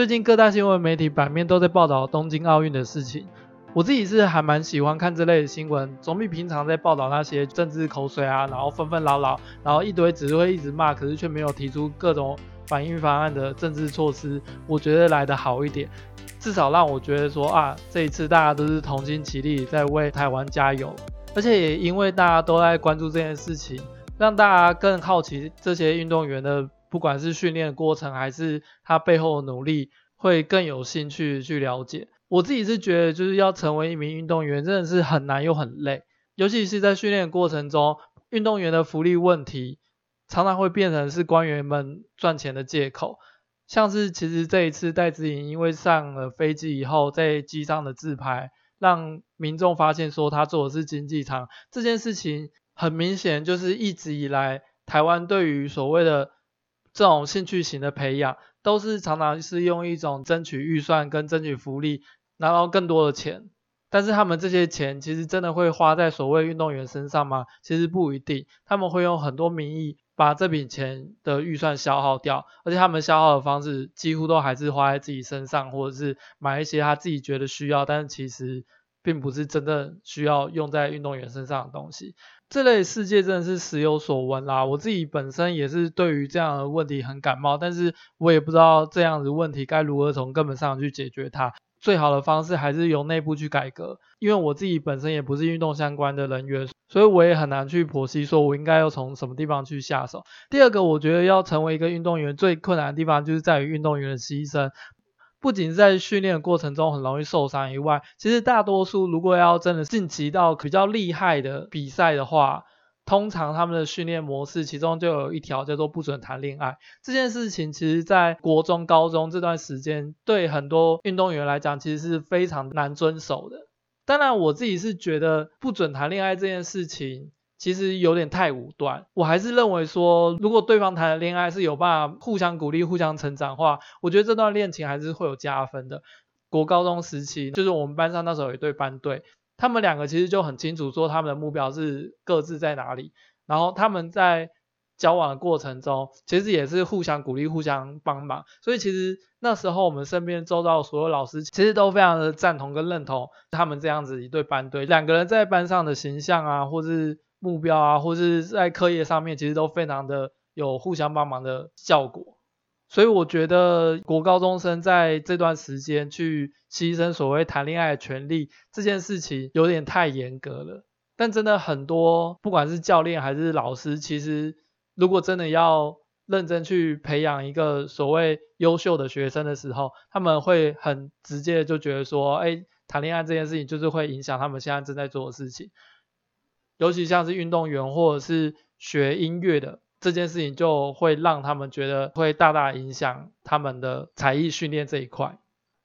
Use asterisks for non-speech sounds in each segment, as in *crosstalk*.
最近各大新聞媒體版面都在報道東京奧運的事情，我自己是還蠻喜歡看這類的新聞，總比平常在報道那些政治口水啊，然後紛紛擾擾，然後一堆只會一直罵，可是卻沒有提出各種反應方案的政治措施，我覺得來得好一點，至少讓我覺得說啊，這一次大家都是同心齊力在為台灣加油，而且也因為大家都在關注這件事情，讓大家更好奇這些運動員的。不管是訓練的過程，還是他背後的努力，會更有興趣去了解。我自己是覺得，就是要成為一名運動員，真的是很難又很累，尤其是在訓練過程中，運動員的福利問題常常會變成是官員們賺錢的借口。像是其實這一次戴資穎因為上了飛機以後，在機上的自拍，讓民眾發現說他坐的是經濟艙，這件事情很明顯就是一直以來台灣對於所謂的。這種興趣型的培養，都是常常是用一種爭取預算跟爭取福利，拿到更多的錢。但是他們這些錢，其實真的會花在所謂運動員身上嗎？其實不一定。他們會用很多名義把這筆錢的預算消耗掉，而且他們消耗的方式，幾乎都還是花在自己身上，或者是買一些他自己覺得需要，但其實並不是真正需要用在運動員身上的東西。這類世界真的是時有所聞啦，我自己本身也是對於這樣的問題很感冒，但是我也不知道這樣子問題該如何從根本上去解決它。最好的方式還是由內部去改革，因為我自己本身也不是運動相關的人員，所以我也很難去剖析說我應該要從什麼地方去下手。第二個，我覺得要成為一個運動員最困難的地方就是在於運動員的犧牲。不僅在訓練的過程中很容易受傷以外，其實大多數如果要真的晉級到比較厲害的比賽的話，通常他們的訓練模式其中就有一條叫做不准談戀愛。這件事情其實在國中、高中這段時間，對很多運動員來講，其實是非常難遵守的。當然，我自己是覺得不准談戀愛這件事情。其實有點太武斷，我還是認為說，如果對方談的戀愛是有辦法互相鼓勵、互相成長的話，我覺得這段戀情還是會有加分的。國高中時期，就是我們班上那時候有一對班對，他們兩個其實就很清楚說他們的目標是各自在哪裡，然後他們在交往的過程中，其實也是互相鼓勵、互相幫忙，所以其實那時候我們身邊周遭的所有老師其實都非常的贊同跟認同他們這樣子一對班對，兩個人在班上的形象啊，或是。目標啊，或是在課業上面，其實都非常的有互相幫忙的效果。所以我覺得國高中生在這段時間去犧牲所謂談戀愛的權利這件事情，有點太嚴格了。但真的很多，不管是教練還是老師，其實如果真的要認真去培養一個所謂優秀的學生的時候，他們會很直接就覺得說，哎，談戀愛這件事情就是會影響他們現在正在做的事情。尤其像是運動員或者是學音樂的這件事情，就會讓他們覺得會大大影響他們的才藝訓練這一塊。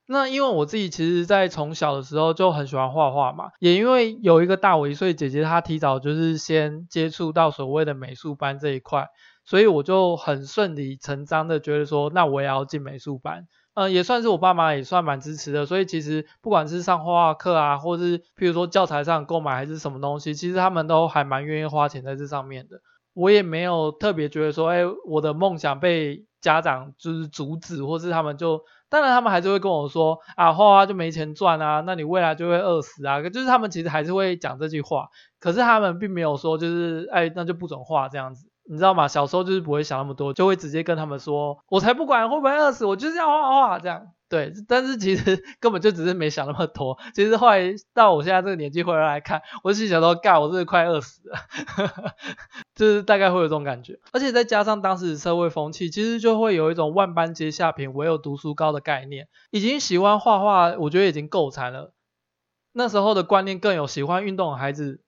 那因為我自己其實，在從小的時候就很喜歡畫畫嘛，也因為有一個大我一歲姐姐，她提早就是先接觸到所謂的美術班這一塊，所以我就很順理成章的覺得說，那我也要進美術班。嗯，也算是我爸媽也算蠻支持的，所以其實不管是上畫畫課啊，或是譬如說教材上購買還是什麼東西，其實他們都還蠻願意花錢在這上面的。我也沒有特別覺得說，哎，我的夢想被家長就是阻止，或是他們就，當然他們還是會跟我說，啊，畫畫就沒錢賺啊，那你未來就會餓死啊，就是他們其實還是會講這句話，可是他們並沒有說就是，哎，那就不准畫這樣子。你知道嗎？小時候就是不會想那麼多，就會直接跟他們說，我才不管會不會餓死，我就是要畫畫這樣。對，但是其實根本就只是沒想那麼多。其實後來到我現在這個年紀回來看，我是想說，尬，我真的快餓死了， *laughs* 就是大概會有這種感覺。而且再加上當時社會風氣，其實就會有一種萬般皆下品，唯有讀書高的概念。已經喜歡畫畫，我覺得已經夠慘了。那時候的觀念更有喜歡運動的孩子。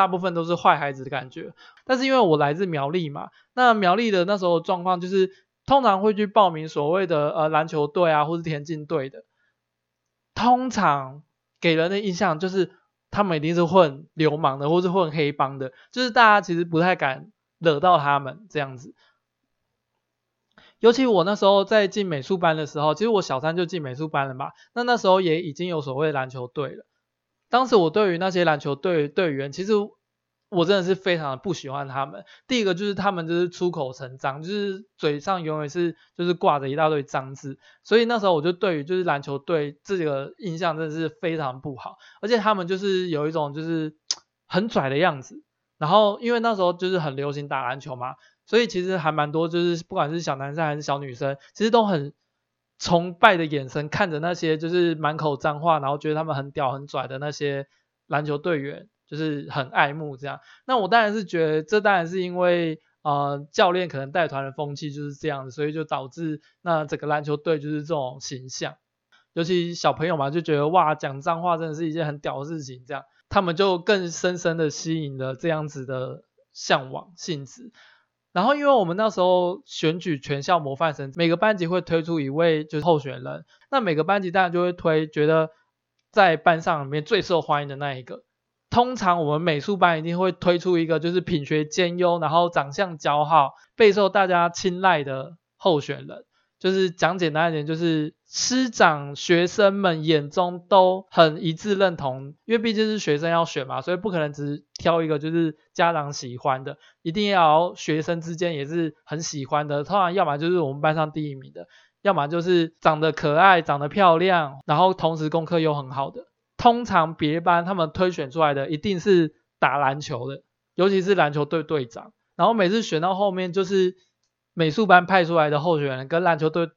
大部分都是壞孩子的感覺，但是因為我來自苗栗嘛，那苗栗的那時候狀況就是，通常會去報名所謂的呃籃球隊啊，或是田徑隊的，通常給人的印象就是他們一定是混流氓的，或是混黑幫的，就是大家其實不太敢惹到他們這樣子。尤其我那時候在進美術班的時候，其實我小三就進美術班了嘛，那那時候也已經有所謂籃球隊了。當時我對於那些籃球隊隊員，其實我真的是非常的不喜歡他們。第一個就是他們就是出口成髒，就是嘴上永遠是就是掛着一大堆髒字，所以那時候我就對於就是籃球隊這個印象真的是非常不好。而且他們就是有一種就是很拽的樣子。然後因為那時候就是很流行打籃球嘛，所以其實還蠻多就是不管是小男生還是小女生，其實都很。崇拜的眼神看着那些就是滿口髒話，然後覺得他們很屌很拽的那些籃球隊員，就是很愛慕這樣。那我當然是覺得這當然是因為啊、呃、教練可能帶團的風氣就是這樣，所以就導致那整個籃球隊就是這種形象。尤其小朋友嘛，就覺得哇，講髒話真的是一件很屌的事情，這樣他們就更深深地吸引了這樣子的向往性質。然後，因為我們那時候選舉全校模範生，每個班級會推出一位就是候選人。那每個班級當然就會推覺得在班上裡面最受歡迎的那一個。通常我們美術班一定會推出一個就是品學兼優，然後長相姣好，備受大家青睞的候選人。就是講簡單一點，就是。師長學生們眼中都很一致認同，因為畢竟是學生要選嘛，所以不可能只挑一個就是家長喜歡的，一定要學生之間也是很喜歡的。通常要麼就是我們班上第一名的，要麼就是長得可愛、長得漂亮，然後同時功課又很好的。通常別班他們推選出來的一定是打籃球的，尤其是籃球隊隊長。然後每次選到後面就是美術班派出來的候選人跟籃球隊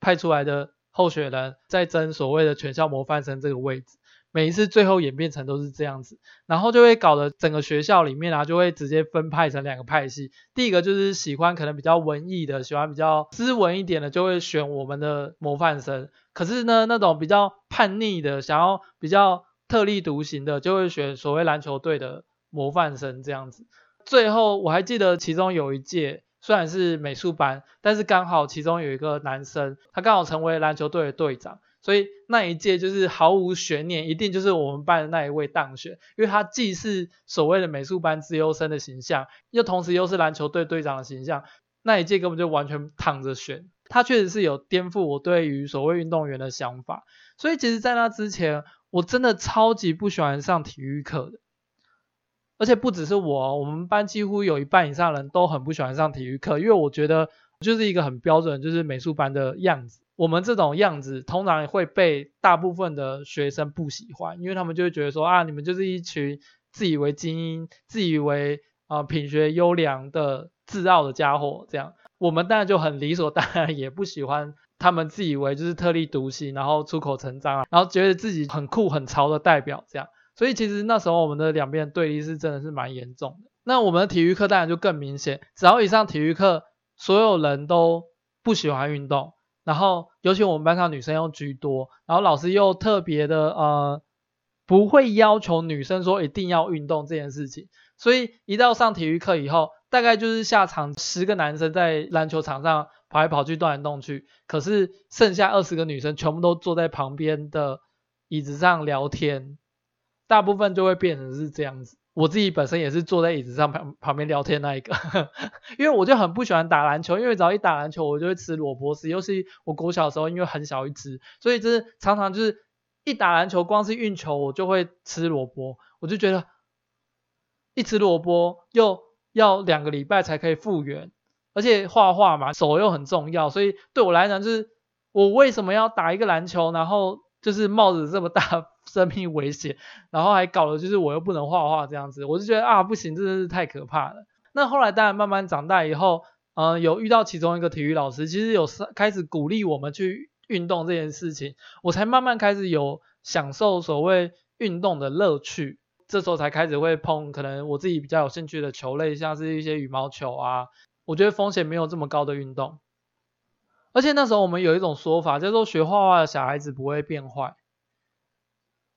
派出來的。候選人在爭所謂的全校模範生這個位置，每一次最後演變成都是這樣子，然後就會搞得整個學校裡面啊，就會直接分派成兩個派系。第一個就是喜歡可能比較文藝的，喜歡比較斯文一點的，就會選我們的模範生。可是呢，那種比較叛逆的，想要比較特立獨行的，就會選所謂籃球隊的模範生這樣子。最後我還記得其中有一屆。雖然是美術班，但是剛好其中有一個男生，他剛好成為籃球隊的隊長，所以那一屆就是毫無懸念，一定就是我們班的那一位當選，因為他既是所謂的美術班資優生的形象，又同時又是籃球隊隊長的形象，那一屆根本就完全躺着選，他確實是有顛覆我對於所謂運動員的想法，所以其實，在那之前，我真的超級不喜歡上體育課的。而且不只是我，我們班幾乎有一半以上人都很不喜歡上體育課，因為我覺得就是一個很標準，就是美術班的樣子。我們這種樣子通常會被大部分的學生不喜歡，因為他們就會覺得說啊，你們就是一群自以為精英、自以為啊、呃、品學優良的自傲的家伙這樣。我們當然就很理所當然也不喜歡他們自以為就是特立獨行，然後出口成章啊，然後覺得自己很酷很潮的代表這樣。所以其實那時候我們的兩邊的對立是真的是蠻嚴重的。那我們的體育課當然就更明顯，只要一上體育課所有人都不喜歡運動，然後尤其我們班上女生又居多，然後老師又特別的呃不會要求女生說一定要運動這件事情。所以一到上體育課以後，大概就是下場十個男生在籃球場上跑來跑去動來動去，可是剩下二十個女生全部都坐在旁邊的椅子上聊天。大部分就會變成是這樣子。我自己本身也是坐在椅子上旁旁邊聊天那一個， *laughs* 因為我就很不喜歡打籃球，因為只要一打籃球，我就會吃蘿蔔絲。尤其我國小的時候，因為很小一只，所以就是常常就是一打籃球，光是運球我就會吃蘿蔔，我就覺得一吃蘿蔔又要兩個禮拜才可以復原，而且畫畫嘛，手又很重要，所以對我來講就是我為什麼要打一個籃球，然後？就是冒着這麼大生命危險，然後還搞了，就是我又不能畫畫這樣子，我就覺得啊不行，真的是太可怕了。那後來當然慢慢長大以後，嗯、呃，有遇到其中一個體育老師，其實有開始鼓勵我們去運動這件事情，我才慢慢開始有享受所謂運動的樂趣。這時候才開始會碰可能我自己比較有興趣的球類，像是一些羽毛球啊，我覺得風險沒有這麼高的運動。而且那時候我們有一種說法叫做學畫畫的小孩子不會變壞，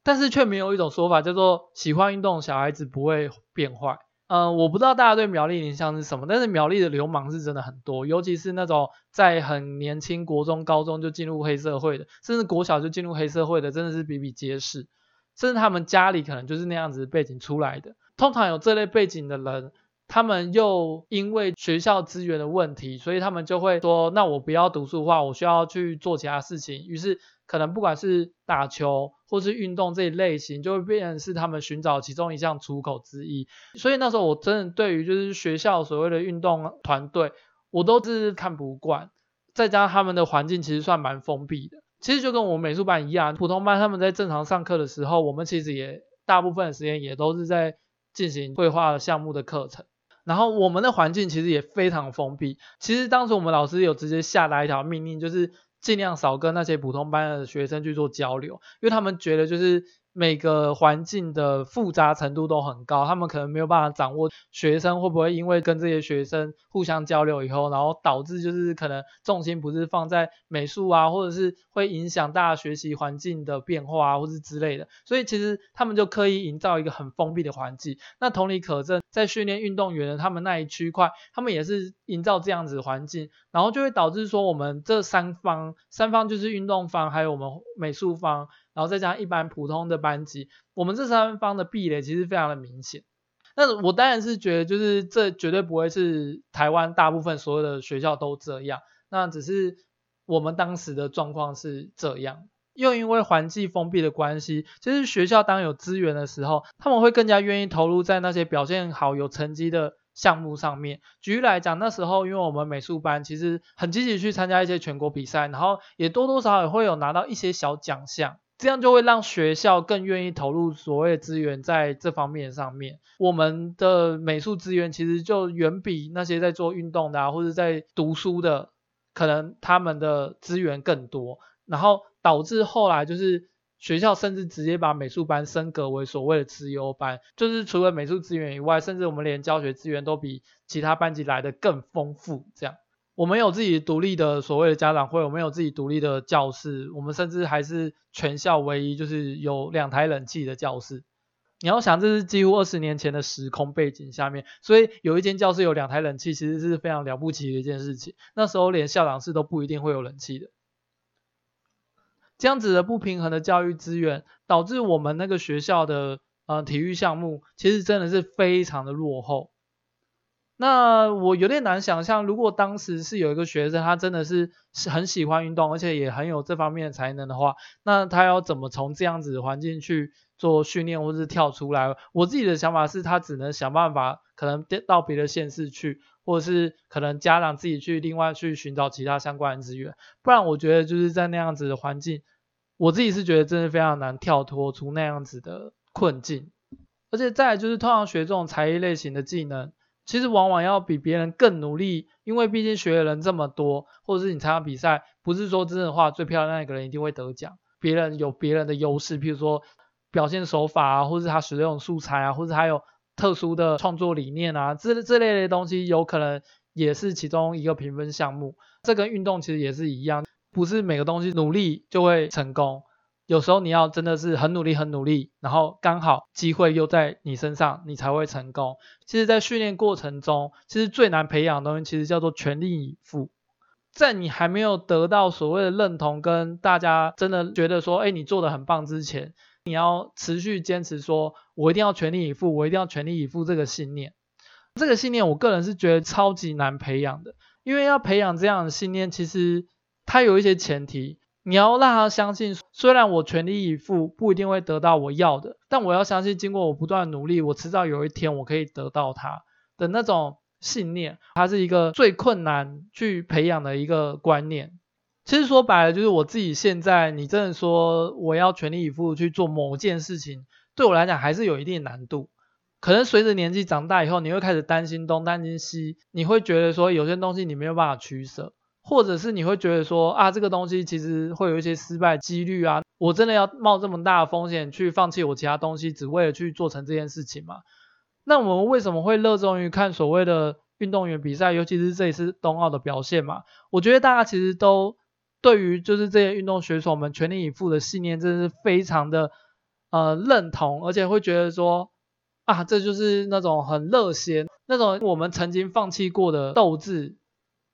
但是卻沒有一種說法叫做喜歡運動的小孩子不會變壞。嗯，我不知道大家對苗栗印象是什麼，但是苗栗的流氓是真的很多，尤其是那種在很年輕國中、高中就進入黑社會的，甚至國小就進入黑社會的，真的是比比皆是。甚至他們家裡可能就是那樣子的背景出來的，通常有這類背景的人。他們又因為學校資源的問題，所以他們就會說：“那我不要讀書的話，我需要去做其他事情。”於是，可能不管是打球或是運動這一類型，就會變成是他們尋找其中一項出口之一。所以那時候我真的對於就是學校所謂的運動團隊，我都是看不慣。再加上他們的環境其實算蠻封閉的，其實就跟我美術班一樣，普通班他們在正常上課的時候，我們其實也大部分的時間也都是在進行繪畫項目的課程。然後我們的環境其實也非常封閉。其實當時我們老師有直接下達一條命令，就是盡量少跟那些普通班的學生去做交流，因為他們覺得就是。每個環境的複雜程度都很高，他們可能沒有辦法掌握學生會不會因為跟這些學生互相交流以後，然後導致就是可能重心不是放在美術啊，或者是會影響大家學習環境的變化，啊，或是之類的。所以其實他們就刻意營造一個很封閉的環境。那同理可證，在訓練運動員的他們那一區塊，他們也是營造這樣子環境，然後就會導致說我們這三方，三方就是運動方，還有我們美術方。然後再加一般普通的班級，我們這三方的壁壘其實非常的明顯。那我當然是覺得，就是這絕對不會是台灣大部分所有的學校都這樣。那只是我們當時的狀況是這樣，又因為環境封閉的關係，其實學校當有資源的時候，他們會更加願意投入在那些表現好、有成績的項目上面。舉例來講，那時候因為我們美術班其實很積極去參加一些全國比賽，然後也多多少少也會有拿到一些小獎項。這樣就會讓學校更願意投入所謂的資源在這方面上面，我們的美術資源其實就遠比那些在做運動的、啊、或者在讀書的，可能他們的資源更多。然後導致後來就是學校甚至直接把美術班升格為所謂的資優班，就是除了美術資源以外，甚至我們連教學資源都比其他班級來得更豐富，這樣。我們有自己獨立的所謂的家長會，我們有自己獨立的教室，我們甚至還是全校唯一就是有兩台冷氣的教室。你要想，這是幾乎二十年前的時空背景下面，所以有一間教室有兩台冷氣，其實是非常了不起的一件事情。那時候連校長室都不一定會有冷氣的。這樣子的不平衡的教育資源，導致我們那個學校的呃體育項目其實真的是非常的落後。那我有點難想象，如果當時是有一個學生，他真的是是很喜歡運動，而且也很有這方面的才能的話，那他要怎麼從這樣子的環境去做訓練或者是跳出來？我自己的想法是他只能想辦法，可能到別的縣市去，或者是可能家長自己去另外去尋找其他相關的資源。不然我覺得就是在那樣子的環境，我自己是覺得真的非常難跳脫出那樣子的困境。而且再來就是通常學這種才藝類型的技能。其實往往要比別人更努力，因為畢竟學的人這麼多，或者是你參加比賽，不是說真的話，最漂亮的那一個人一定會得獎。別人有別人的優勢，譬如說表現手法啊，或者他使用的那種素材啊，或者他有特殊的創作理念啊，這這類的東西有可能也是其中一個評分項目。這跟運動其實也是一樣，不是每個東西努力就會成功。有時候你要真的是很努力、很努力，然後剛好機會又在你身上，你才會成功。其實，在訓練過程中，其實最難培養的東西，其實叫做全力以赴。在你還沒有得到所謂的認同，跟大家真的覺得說，哎，你做得很棒之前，你要持續堅持說，我一定要全力以赴，我一定要全力以赴這個信念。這個信念，我個人是覺得超級難培養的，因為要培養這樣的信念，其實它有一些前提。你要讓他相信，雖然我全力以赴，不一定會得到我要的，但我要相信，經過我不斷努力，我遲早有一天我可以得到他的那種信念。它是一個最困難去培養的一個觀念。其實說白了，就是我自己現在，你真的說，我要全力以赴去做某件事情，對我來講還是有一定難度。可能隨着年紀長大以後，你會開始擔心東擔心西，你會覺得說有些東西你沒有辦法取捨。或者是你會覺得說啊，這個東西其實會有一些失敗幾率啊，我真的要冒這麼大的風險去放棄我其他東西，只為了去做成這件事情嘛。那我們為什麼會熱衷於看所謂的運動員比賽，尤其是這一次冬奧的表現嘛？我覺得大家其實都對於就是這些運動選手們全力以赴的信念，真的是非常的呃認同，而且會覺得說啊，這就是那種很熱血，那種我們曾經放棄過的鬥志。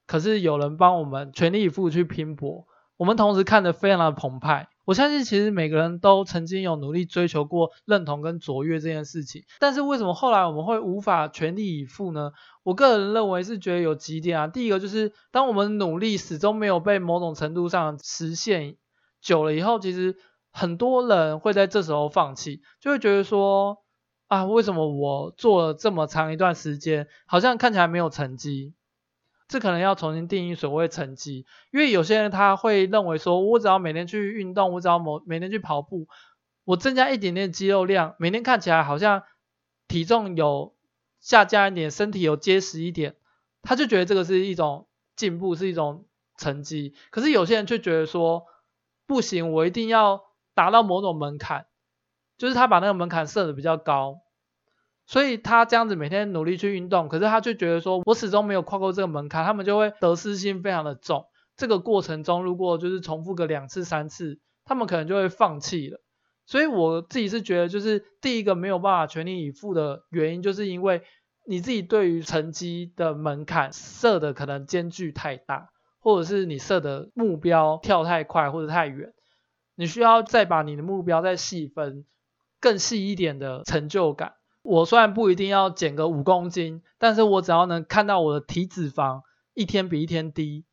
可是有人幫我們全力以赴去拼搏，我們同時看得非常的澎湃。我相信其實每個人都曾經有努力追求過認同跟卓越這件事情，但是為什麼後來我們會無法全力以赴呢？我個人認為是覺得有幾點啊，第一個就是當我們努力始終沒有被某種程度上實現久了以後，其實很多人會在這時候放棄，就會覺得說啊，為什麼我做了這麼長一段時間，好像看起來沒有成績。這可能要重新定義所謂的成績，因為有些人他會認為說，我只要每天去運動，我只要某每天去跑步，我增加一點點肌肉量，每天看起來好像體重有下降一點，身體有結實一點，他就覺得這個是一種進步，是一種成績。可是有些人卻覺得說，不行，我一定要達到某種門檻，就是他把那個門檻設的比較高。所以他這樣子每天努力去運動，可是他卻覺得說，我始終沒有跨過這個門檻。他們就會得失心非常的重。這個過程中，如果就是重複個兩次、三次，他們可能就會放棄了。所以我自己是覺得，就是第一個沒有辦法全力以赴的原因，就是因為你自己對於成績的門檻設的可能間距太大，或者是你設的目標跳太快或者太遠，你需要再把你的目標再細分，更細一點的成就感。我雖然不一定要減個五公斤，但是我只要能看到我的體脂肪一天比一天低，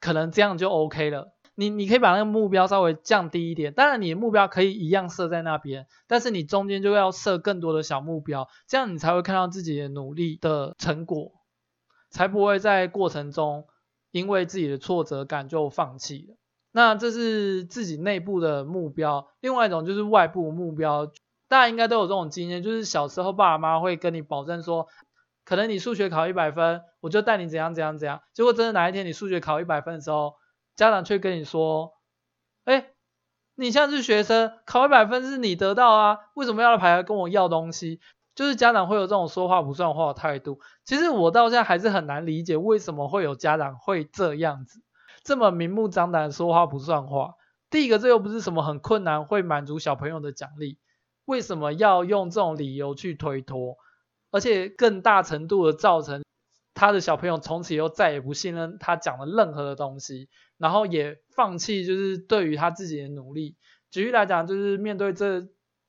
可能這樣就 OK 了。你你可以把那個目標稍微降低一點，當然你的目標可以一樣設在那邊，但是你中間就要設更多的小目標，這樣你才會看到自己的努力的成果，才不會在過程中因為自己的挫折感就放棄了。那這是自己內部的目標，另外一種就是外部目標。大家應該都有這種經驗，就是小時候爸媽會跟你保證說，可能你數學考一百分，我就帶你怎樣怎樣怎樣。結果真的哪一天你數學考一百分的時候，家長卻跟你說，哎，你現在是學生，考一百分是你得到啊，為什麼要來排來跟我要東西？就是家長會有這種說話不算話的態度。其實我到現在還是很難理解，為什麼會有家長會這樣子，這麼明目張膽的說話不算話。第一個，這又不是什麼很困難會滿足小朋友的獎勵。為什麼要用這種理由去推脫，而且更大程度的造成他的小朋友從此以後再也不信任他講的任何的東西，然後也放棄就是對於他自己的努力。舉例來講，就是面對這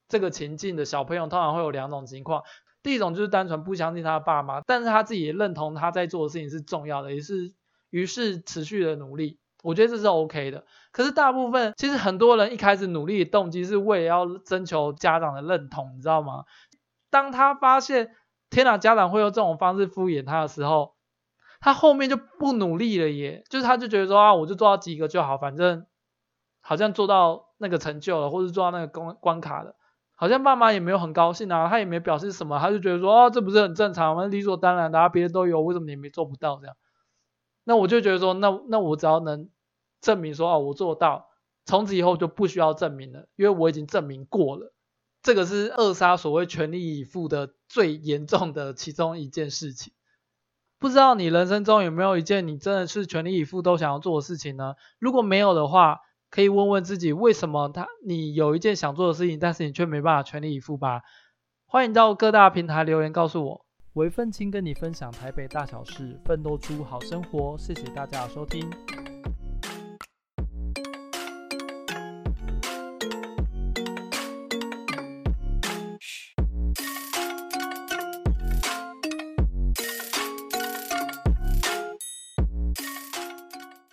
這個情境的小朋友，通常會有兩種情況，第一種就是單純不相信他的爸媽，但是他自己也認同他在做的事情是重要的，也是於是持續的努力。我覺得這是 OK 的，可是大部分其實很多人一開始努力的動機是為了要徵求家長的認同，你知道嗎？當他發現天吶，家長會用這種方式敷衍他的時候，他後面就不努力了，耶！就是他就覺得說啊，我就做到及格就好，反正好像做到那個成就了，或者做到那個關關卡了，好像爸媽也沒有很高興啊，他也沒表示什麼，他就覺得說哦、啊，這不是很正常嗎？理所當然的，啊，別人都有，為什麼你沒做不到這樣？那我就覺得說，那那我只要能證明說，哦，我做到，從此以後就不需要證明了，因為我已經證明過了。這個是扼殺所謂全力以赴的最嚴重的其中一件事情。不知道你人生中有沒有一件你真的是全力以赴都想要做的事情呢？如果沒有的話，可以問問自己為什麼他你有一件想做的事情，但是你卻沒辦法全力以赴吧？歡迎到各大平台留言告訴我。我微奮青跟你分享台北大小事，奮鬥出好生活。謝謝大家的收聽。